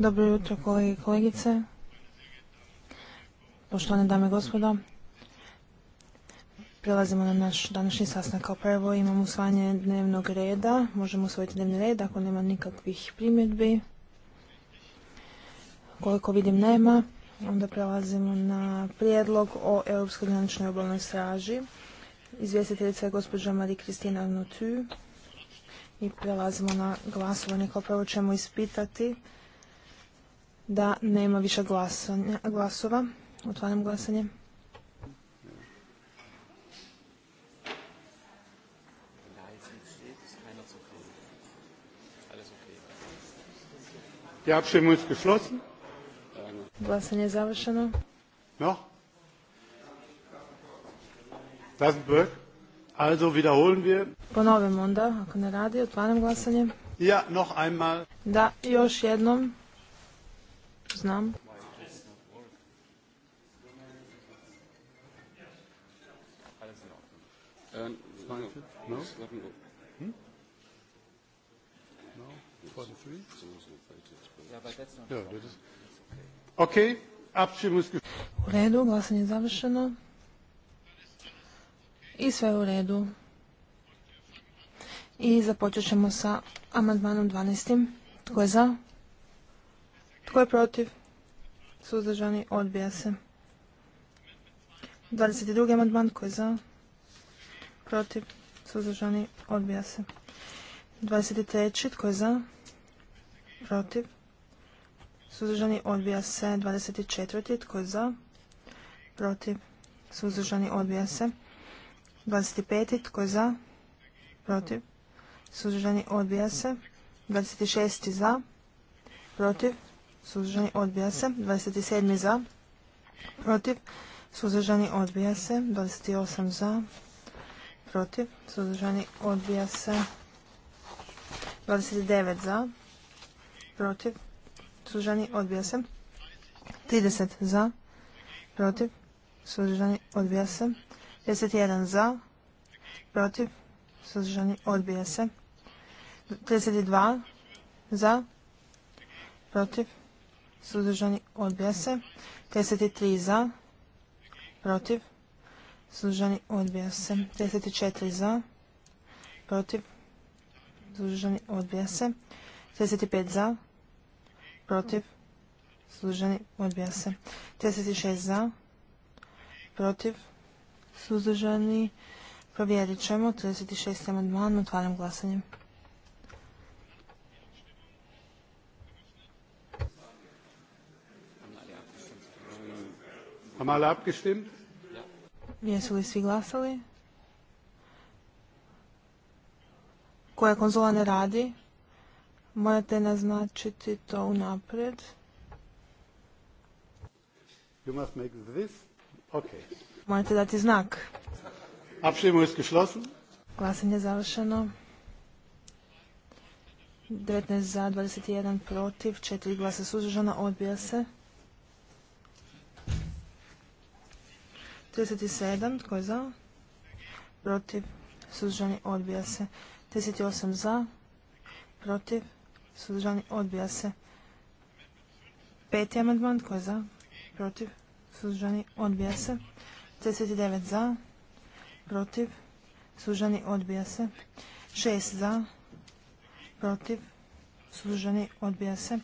Dobro jutro kolege i kolegice, poštovane dame i gospodo. Prelazimo na naš današnji sastanak. Kao prvo imamo usvajanje dnevnog reda. Možemo usvojiti dnevni red ako nema nikakvih primjedbi. Koliko vidim nema, onda prelazimo na prijedlog o Europskoj graničnoj obalnoj straži. Izvjestiteljica je gospođa Marie-Kristina Notu i prelazimo na glasovanje kao prvo ćemo ispitati da nema više glasanja, glasova. Otvaram glasanje. Die Abstimmung ist Glasanje je završeno. No? Lasenberg? Also wiederholen wir. Ponovim onda, ako ne radi, otvaram glasanje. Ja, noch einmal. Da, još jednom. Znam. No? Hm? No? 43? Ja, das Okay, Abstimmung ist... U redu, glasanje je završeno i sve je u redu. I započet ćemo sa amandmanom 12. Tko je za? Tko je protiv? Suzdržani odbija se. 22. amandman. Tko je za? Protiv? Suzdržani odbija se. 23. Tko je za? Protiv? Suzdržani odbija se. 24. Tko je za? Protiv? Suzdržani odbija se. 25. Tko je za? Protiv. Suzdržani odbija se. 26. Za. Protiv. Suzdržani odbija se. 27. Za. Protiv. Suzdržani odbija se. 28. Za. Protiv. Suzdržani odbija se. 29. Za. Protiv. Suzdržani odbija se. 30. Za. Protiv. Suzdržani odbija se. 31 za, protiv, suzdržani, odbija se. 32 za, protiv, suzdržani, odbija se. 33 za, protiv, suzdržani, odbija se. 34 za, protiv, suzdržani, odbija se. 35 za, protiv, suzdržani, odbija se. 36 za, protiv, suzdržani. Provjerit ćemo. 36. amandman. Otvaram glasanje. Jesu li svi glasali? Koja konzola ne radi? Morate naznačiti to unaprijed. You make this. Okay. Možete dati znak. je Glasanje je završeno. 19 za, 21 protiv, 4 glasa suzdržana, odbija se. 37, tko je za? Protiv, suzdržani, odbija se. 38 za, protiv, suzdržani, odbija se. Peti amandman, tko je za? Protiv, suzdržani, odbija se. 49 za, protiv, suzdržani, odbija se. 6 za, protiv, suzdržani, odbija se.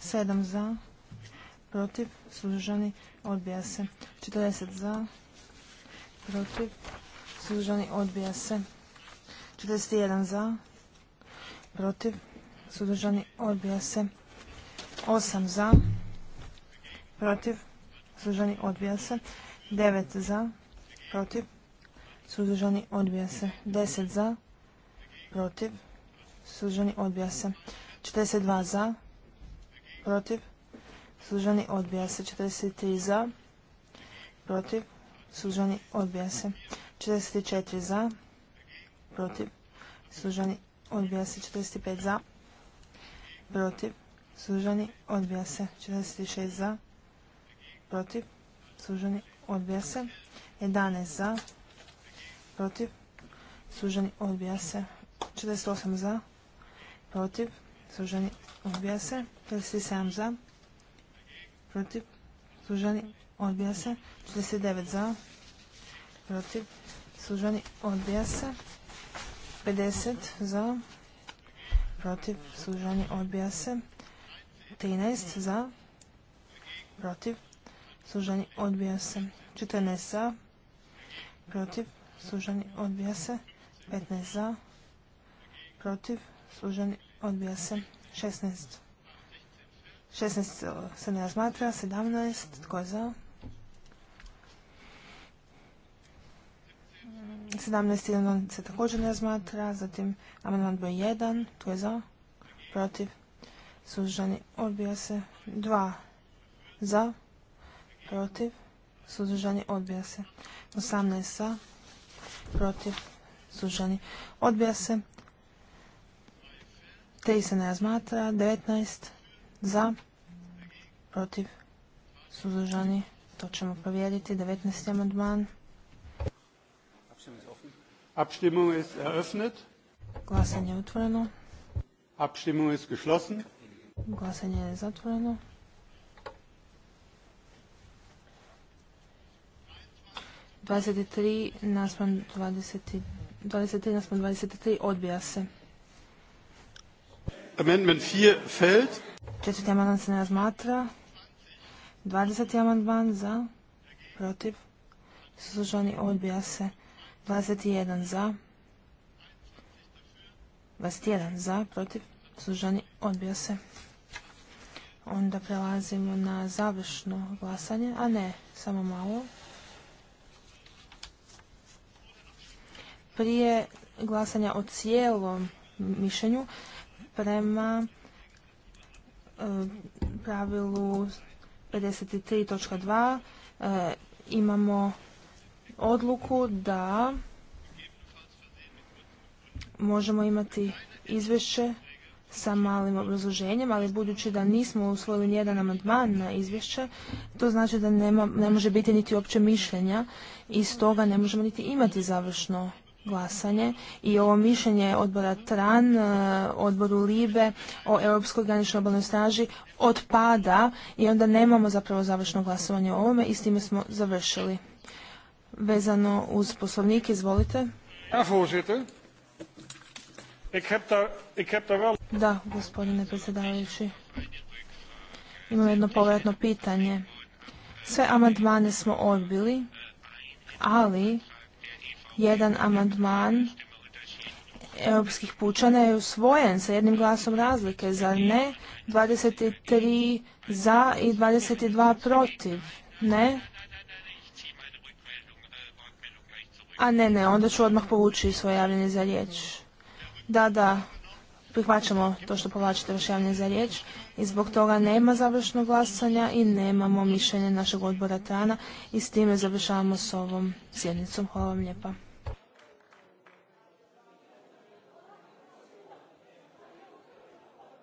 7 za, protiv, suzdržani, odbija se. 40 za, protiv, suzdržani, odbija se. 41 za, protiv, suzdržani, odbija se. 8 za, protiv, suzdržani, odbija se. 9 za, protiv, suzdržani, odbija se. 10 za, protiv, suzdržani, odbija se. 42 za, protiv, suzdržani, odbija se. 43 za, protiv, suzdržani, odbija se. 44 za, protiv, suzdržani, odbija se. 45 za, protiv, suzdržani, odbija se. 46 za, protiv, suzdržani, odbija se. 11 za, protiv, suženi, odbija se. 48 za, protiv, suženi, odbija se. 57 za, protiv, suženi, odbija se. 49 za, protiv, suženi, odbija se. 50 za, protiv, suženi, odbija se. 13 za, protiv, sužani, odbija se. 14 za, protiv, sužani, odbija se. 15 za, protiv, sužani, odbija se. 16. 16 eh, se ne razmatra, 17, tko je za? 17 jedan se također ne razmatra, zatim amandman broj 1, tko je za? Protiv, sužani, odbija se. 2 za, protiv, suzdržani, odbija se. 18 sa, protiv, suzdržani, odbija se. 3 se ne razmatra, 19 za, protiv, suzdržani, to ćemo provjeriti, 19. amandman. Abstimmung ist eröffnet. Glasanje je otvoreno. Abstimmung ist geschlossen. Glasanje je zatvoreno. 23 naspram 20, 23 naspram 23 odbija se. Amendment 4 fällt. Četvrti amandman se ne razmatra. 20. amandman za, protiv, suzdržani odbija se. 21 za, 21 za, protiv, suzdržani odbija se. Onda prelazimo na završno glasanje, a ne, samo malo. prije glasanja o cijelom mišljenju prema e, pravilu 53.2 e, imamo odluku da možemo imati izvješće sa malim obrazloženjem, ali budući da nismo usvojili nijedan amandman na izvješće, to znači da ne može biti niti opće mišljenja i stoga ne možemo niti imati završno glasanje i ovo mišljenje odbora TRAN, e, odboru LIBE o Europskoj graničnoj obalnoj straži otpada i onda nemamo zapravo završno glasovanje o ovome i s time smo završili. Vezano uz poslovnik, izvolite. Da, gospodine predsjedavajući. Imam jedno povratno pitanje. Sve amandmane smo odbili, ali jedan amandman europskih pučana je usvojen sa jednim glasom razlike, zar ne? 23 za i 22 protiv, ne? A ne, ne, onda ću odmah povući svoje javljanje za riječ. Da, da, prihvaćamo to što povlačite vaše javljanje za riječ i zbog toga nema završnog glasanja i nemamo mišljenje našeg odbora Trana i s time završavamo s ovom sjednicom. Hvala vam lijepa.